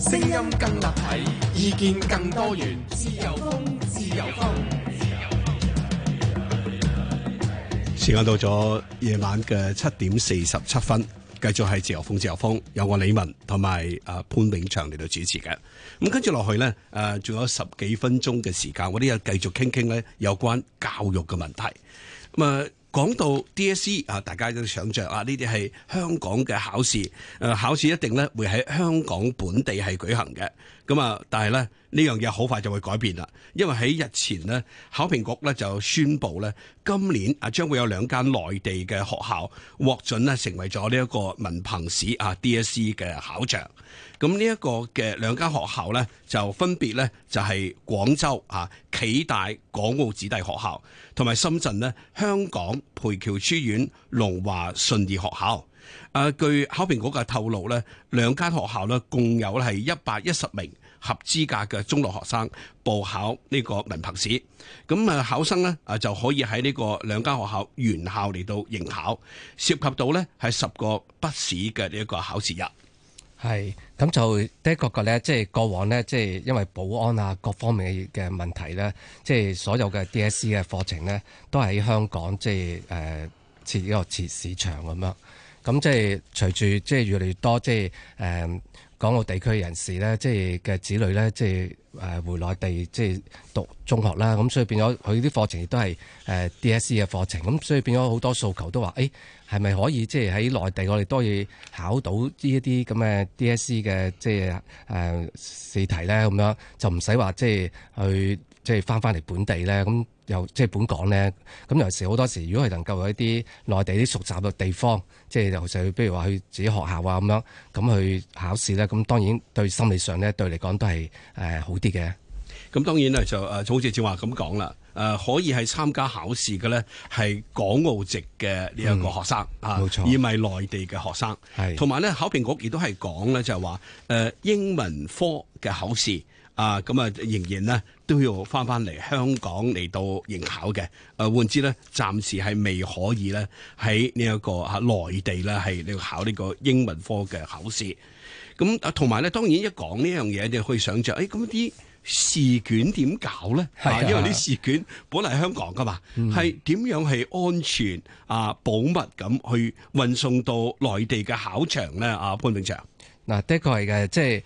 聲音更立體，意見更多元。自由風，自由風，自由風。時間到咗夜晚嘅七點四十七分，繼續係自由風，自由風，有我李文同埋潘永祥嚟到主持嘅。咁跟住落去呢，誒，仲有十幾分鐘嘅時間，我哋又繼續傾傾咧有關教育嘅問題。咁啊。講到 DSE 啊，大家都想像啊，呢啲係香港嘅考試，誒考試一定咧會喺香港本地係舉行嘅。咁啊，但係咧呢樣嘢好快就會改變啦，因為喺日前呢，考評局咧就宣布咧，今年啊將會有兩間內地嘅學校獲准咧成為咗呢一個文憑試啊 DSE 嘅考場。咁呢一個嘅兩間學校咧，就分別咧就係廣州啊，暨大港澳子弟學校同埋深圳咧，香港培僑書院、龍華信義學校，誒、啊，據考評局嘅透露咧，兩間學校咧共有咧係一百一十名合資格嘅中六學生報考呢個文憑試，咁啊考生咧啊就可以喺呢個兩間學校原校嚟到應考，涉及到咧係十個筆試嘅呢一個考試日。係，咁就的確個咧，即係過往呢，即係因為保安啊各方面嘅嘅問題咧，即係所有嘅 DSE 嘅課程呢，都喺香港即係誒設一個設市場咁樣咁即係隨住即係越嚟越多即係誒港澳地區人士咧，即係嘅子女咧，即係。誒回內地即係讀中學啦，咁所以變咗佢啲課程亦都係誒 DSE 嘅課程，咁所以變咗好多訴求都話：誒係咪可以即係喺內地我哋都可以考到呢一啲咁嘅 DSE 嘅即係誒試題咧？咁樣就唔使話即係去即係翻翻嚟本地咧咁。由即係本港咧，咁有時好多時，如果係能夠有一啲內地啲熟習嘅地方，即係尤其係，譬如話去自己學校啊咁樣，咁去考試咧，咁當然對心理上咧，對嚟講都係誒好啲嘅。咁當然咧就誒，好似正話咁講啦，誒可以係參加考試嘅咧，係港澳籍嘅呢一個學生嚇，而唔係內地嘅學生。係，同埋咧考評局亦都係講咧，就係話誒英文科嘅考試。啊，咁啊，仍然咧都要翻翻嚟香港嚟到應考嘅。誒，換之咧，暫時係未可以咧喺呢一個嚇內地咧，係你要考呢個英文科嘅考試。咁同埋咧，當然一講呢樣嘢，你可以想像，誒咁啲試卷點搞咧？係的、啊、因為啲試卷本嚟香港㗎嘛，係點、嗯、樣係安全啊保密咁去運送到內地嘅考場咧？啊，潘永祥。」嗱，的確係嘅，即係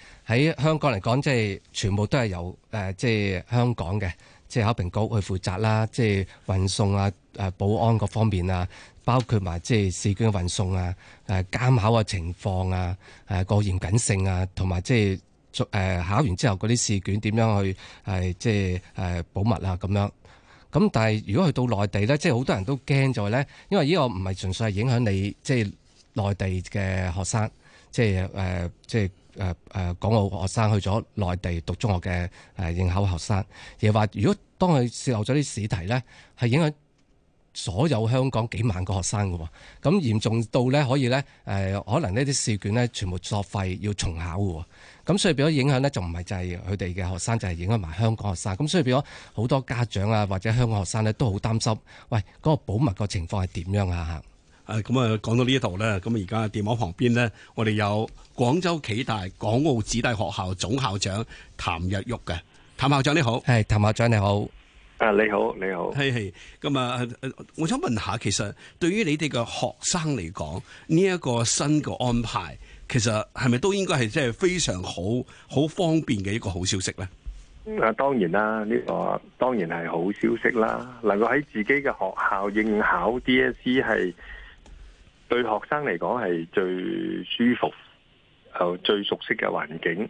喺香港嚟講，即係全部都係由誒即係香港嘅即係考評局去負責啦，即係運送啊、誒保安各方面啊，包括埋即係試卷運送啊、誒監考嘅情況啊、誒個嚴謹性啊，同埋即係誒考完之後嗰啲試卷點樣去誒即係誒保密啊咁樣。咁但係如果去到內地咧，即係好多人都驚咗咧，因為呢個唔係純粹係影響你即係內地嘅學生。即係誒、呃，即係誒誒，港澳學生去咗內地讀中學嘅誒應考學生，又話如果當佢泄露咗啲試題呢，係影響所有香港幾萬個學生嘅喎，咁嚴重到呢，可以呢，誒、呃，可能呢啲試卷呢全部作廢，要重考嘅喎，咁所以變咗影響呢，就唔係就係佢哋嘅學生，就係、是、影響埋香港學生，咁所以變咗好多家長啊，或者香港學生呢，都好擔心，喂，嗰、嗰個保密個情況係點樣啊？咁啊，講到呢一度咧，咁而家電話旁邊咧，我哋有廣州暨大港澳子弟學校總校長譚日旭嘅譚校長你好，係譚校長你好，啊你好你好，係係咁啊，我想問下，其實對於你哋嘅學生嚟講，呢一個新嘅安排，其實係咪都應該係即係非常好、好方便嘅一個好消息咧？啊，當然啦，呢個當然係好消息啦，能夠喺自己嘅學校應考 DSE 係。對學生嚟講係最舒服，又最熟悉嘅環境，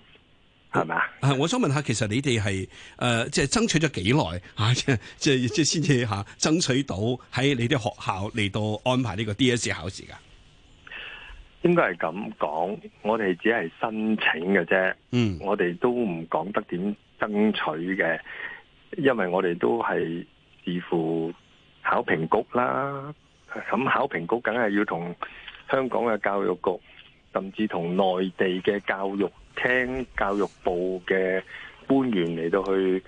係咪？啊！我想問下，其實你哋係誒，即、呃、係、就是、爭取咗幾耐啊？即係即係先至吓爭取到喺你啲學校嚟到安排呢個 DSE 考試噶？應該係咁講，我哋只係申請嘅啫。嗯，我哋都唔講得點爭取嘅，因為我哋都係視乎考評局啦。咁考評局梗係要同香港嘅教育局，甚至同內地嘅教育廳、教育部嘅官員嚟到去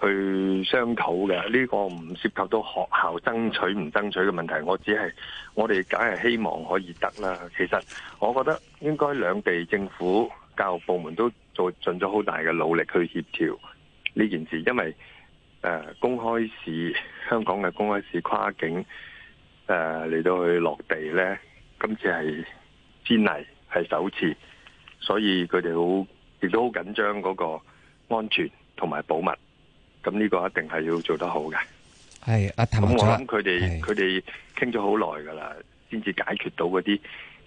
去商討嘅。呢、這個唔涉及到學校爭取唔爭取嘅問題，我只係我哋梗係希望可以得啦。其實我覺得應該兩地政府教育部門都做盡咗好大嘅努力去協調呢件事，因為誒、呃、公開試，香港嘅公開試跨境。誒，嚟、啊、到去落地呢，今次係先例，係首次，所以佢哋好，亦都好緊張嗰個安全同埋保密。咁呢個一定係要做得好嘅。係，阿譚、咁、啊嗯啊、我諗佢哋佢哋傾咗好耐喇，先至是解決到嗰啲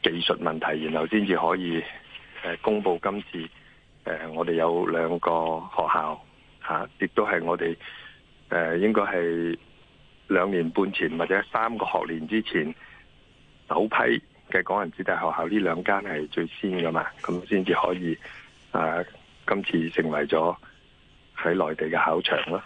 技術問題，然後先至可以誒、呃、公布今次誒、呃，我哋有兩個學校吓，亦、啊、都係我哋誒、呃，應該係。兩年半前或者三個學年之前，首批嘅港人子弟學校呢兩間係最先嘅嘛，咁先至可以誒、啊、今次成為咗喺內地嘅考場咯。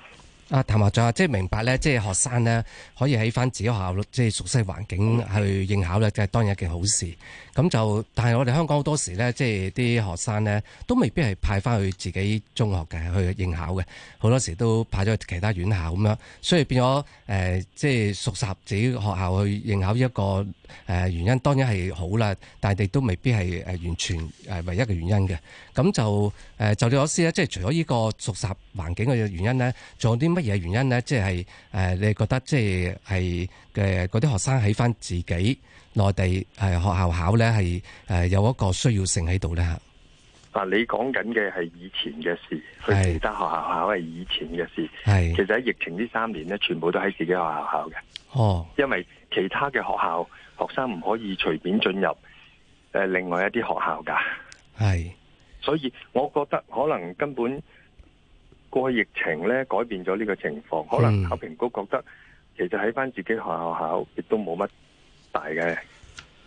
啊，譚校長即係明白咧，即係學生咧可以喺翻自己學校即係熟悉環境去應考咧，係當然一件好事。咁就，但係我哋香港好多時咧，即係啲學生咧都未必係派翻去自己中學嘅去應考嘅，好多時都派咗去其他院校咁樣，所以變咗誒、呃、即係熟習自己學校去應考一個誒原因，當然係好啦，但係亦都未必係誒完全誒唯一嘅原因嘅。咁就誒、呃、就你所知咧，即係除咗呢個熟習環境嘅原因咧，仲有啲？乜嘢原因呢？即係誒，你覺得即係嘅嗰啲學生喺返自己內地誒、呃、學校考呢，係誒、呃、有一個需要性喺度呢。嗱，你講緊嘅係以前嘅事，去是其他學校考係以前嘅事。係是，其實喺疫情呢三年呢，全部都喺自己學校考嘅。哦，因為其他嘅學校學生唔可以隨便進入誒另外一啲學校噶。係是，所以我覺得可能根本。個疫情咧改變咗呢個情況，可能考評局覺得其實喺返自己學校考亦都冇乜大嘅誒、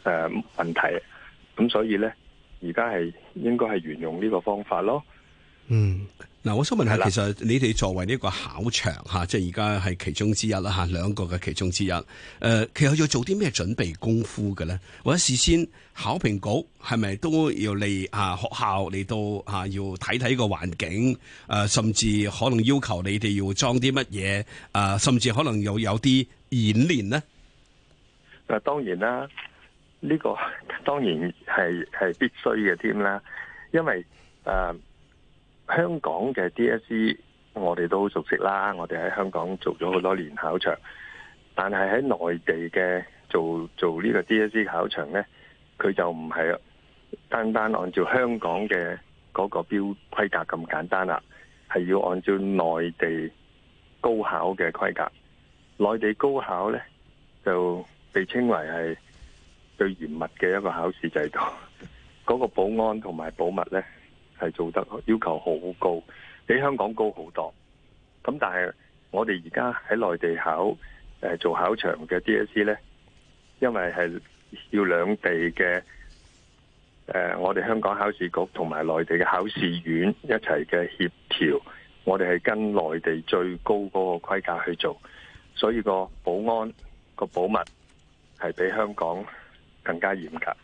呃、問題，咁所以咧而家係應該係沿用呢個方法咯。嗯，嗱，我想問下，的其實你哋作為呢個考場吓，即係而家係其中之一啦吓，兩個嘅其中之一，誒、呃，其實要做啲咩準備功夫嘅咧？或者事先考評局係咪都要嚟，啊學校嚟到啊，要睇睇個環境誒、啊，甚至可能要求你哋要裝啲乜嘢誒，甚至可能又有啲演練呢？誒、啊，當然啦，呢、呢個當然係係必須嘅添啦，因為誒。啊香港嘅 DSE 我哋都好熟悉啦，我哋喺香港做咗好多年考場，但係喺內地嘅做做呢個 DSE 考場咧，佢就唔係單單按照香港嘅嗰個標規格咁簡單啦，係要按照內地高考嘅規格。內地高考咧就被稱為係最嚴密嘅一個考試制度，嗰個保安同埋保密咧。係做得要求好高，比香港高好多。咁但係我哋而家喺內地考誒做考場嘅 DSE 咧，因為係要兩地嘅誒，我哋香港考試局同埋內地嘅考試院一齊嘅協調，我哋係跟內地最高嗰個規格去做，所以個保安個保密係比香港更加嚴格。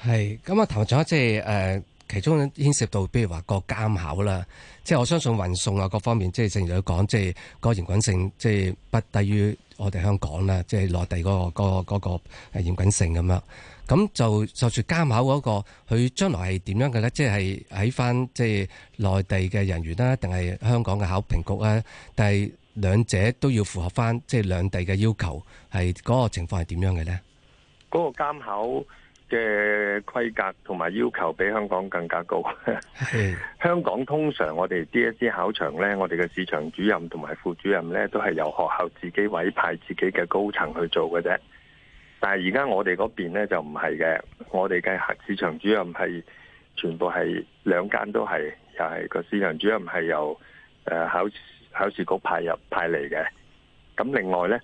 係咁啊，譚總即係誒。其中牽涉到，比如話個監考啦，即係我相信運送啊各方面，即係正如佢講，即係個嚴謹性，即係不低於我哋香港啦，即係內地嗰個嗰個嗰個嚴謹性咁樣。咁就就住監考嗰個，佢將來係點樣嘅咧？即係喺翻即係內地嘅人員啦，定係香港嘅考評局啊？但係兩者都要符合翻即係兩地嘅要求，係嗰個情況係點樣嘅咧？嗰個監考。嘅規格同埋要求比香港更加高。 香港通常我哋 DSE 考場呢，我哋嘅市場主任同埋副主任呢，都係由學校自己委派自己嘅高層去做嘅啫。但係而家我哋嗰邊呢，就唔係嘅，我哋嘅市場主任係全部係兩間都係，又係個市場主任係由誒考、呃、考試局派入派嚟嘅。咁另外呢，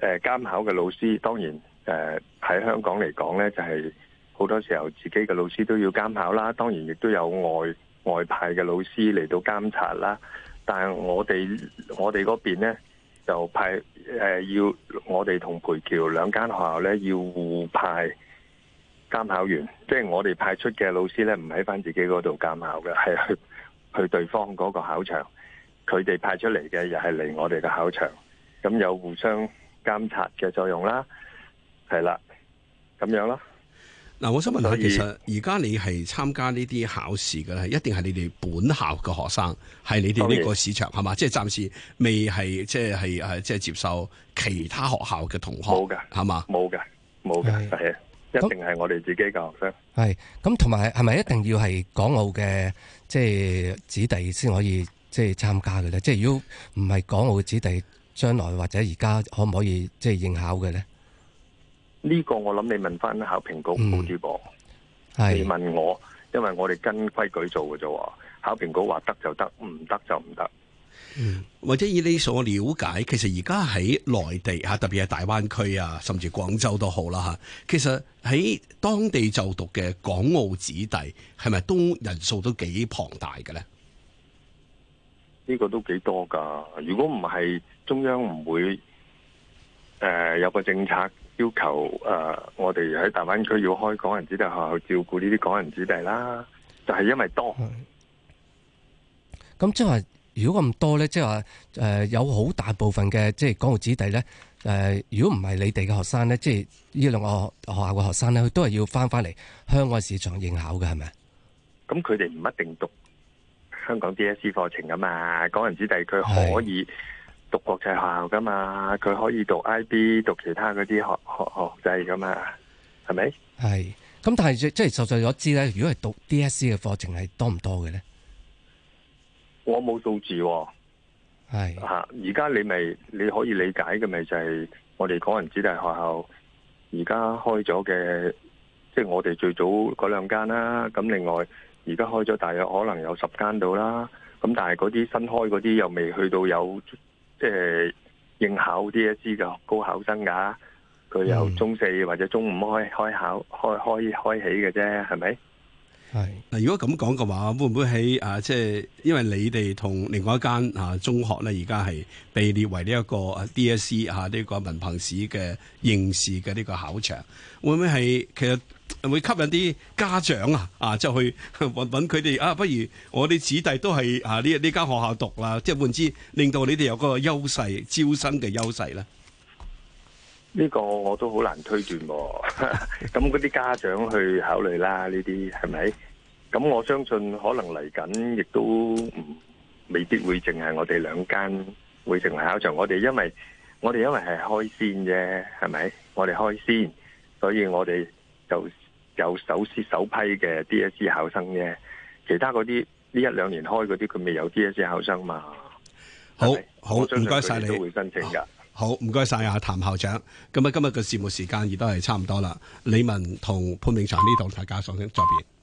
誒監考嘅老師當然。誒喺、呃、香港嚟講呢就係、是、好多時候自己嘅老師都要監考啦。當然亦都有外外派嘅老師嚟到監察啦。但係我哋我哋嗰邊咧就派誒、呃、要我哋同培僑兩間學校呢，要互派監考員，即、就、係、是、我哋派出嘅老師呢，唔喺返自己嗰度監考嘅，係去去對方嗰個考場。佢哋派出嚟嘅又係嚟我哋嘅考場，咁有互相監察嘅作用啦。係啦，咁樣啦嗱、啊，我想問下，以其實而家你係參加呢啲考試嘅咧，一定係你哋本校嘅學生，係你哋呢個市場係嘛？即係暫時未係，即係誒，即係接受其他學校嘅同學。冇㗎，係嘛吧？冇㗎，冇㗎，係的，一定係我哋自己嘅學生。係，咁同埋係咪一定要係港澳嘅即係子弟先可以即係參加嘅咧？即係如果唔係港澳嘅子弟，將來或者而家可唔可以即係應考嘅咧？呢個我諗你問翻考評局好啲，噃，嗯、你問我，是因為我哋跟規矩做嘅啫。考評局話得就得，唔得就唔得，嗯。或者以你所了解，其實而家喺內地吓，特別係大灣區啊，甚至廣州都好啦吓。其實喺當地就讀嘅港澳子弟，係咪都人數都幾龐大嘅咧？呢個都幾多噶。如果唔係中央唔會誒、呃，有個政策。要求誒、呃，我哋喺大灣區要開港人子弟學校，照顧呢啲港人子弟啦，就係、是、因為多。咁即係話，如果咁多咧，即係話誒，有好大部分嘅即係港澳子弟咧，誒、呃，如果唔係你哋嘅學生咧，即係呢兩個學校嘅學生咧，佢都係要翻翻嚟香港市場應考嘅，係咪？咁佢哋唔一定讀香港 DSE 課程啊嘛，港人子弟佢可以。讀國際學校噶嘛，佢可以讀 IB，讀其他嗰啲學學學制噶嘛，係咪？係，咁但係即係實際咗知咧，如果係讀 DSE 嘅課程係多唔多嘅咧？我冇數字，哦，係啊！而家你咪你可以理解嘅咪就係我哋港人子弟學校而家開咗嘅，即係我哋最早嗰兩間啦。咁另外而家開咗大約可能有十間到啦。咁但係嗰啲新開嗰啲又未去到有。即係應考啲一啲嘅高考生噶，佢由中四或者中五開開考開開開起嘅啫，係咪？係是。嗱，如果咁講嘅話，會唔會喺啊？即係因為你哋同另外一間啊中學咧，而家係被列為呢一個啊 DSE 啊呢個文憑試嘅應試嘅呢個考場，會唔會係其實？會吸引啲家長啊，啊，即係去搵搵佢哋啊，不如我哋子弟都係啊呢呢間學校讀啦，即係換之令到你哋有個優勢，招生嘅優勢咧。呢個我都好難推斷，咁嗰啲家長去考慮啦。呢啲係咪？咁我相信可能嚟緊亦都未必會淨係我哋兩間會成為考場。我哋因為我哋因為係開先啫，係咪？我哋開先，所以我哋就。有首先首批嘅 DSE 考生啫，其他嗰啲呢一兩年開嗰啲佢未有 DSE 考生嘛？好，是好，好，唔該晒你。都會申請噶、哦。好，唔該晒啊譚校長。咁啊，今日嘅節目時間亦都係差唔多啦。李文同潘永祥呢度，大家掌聲告別。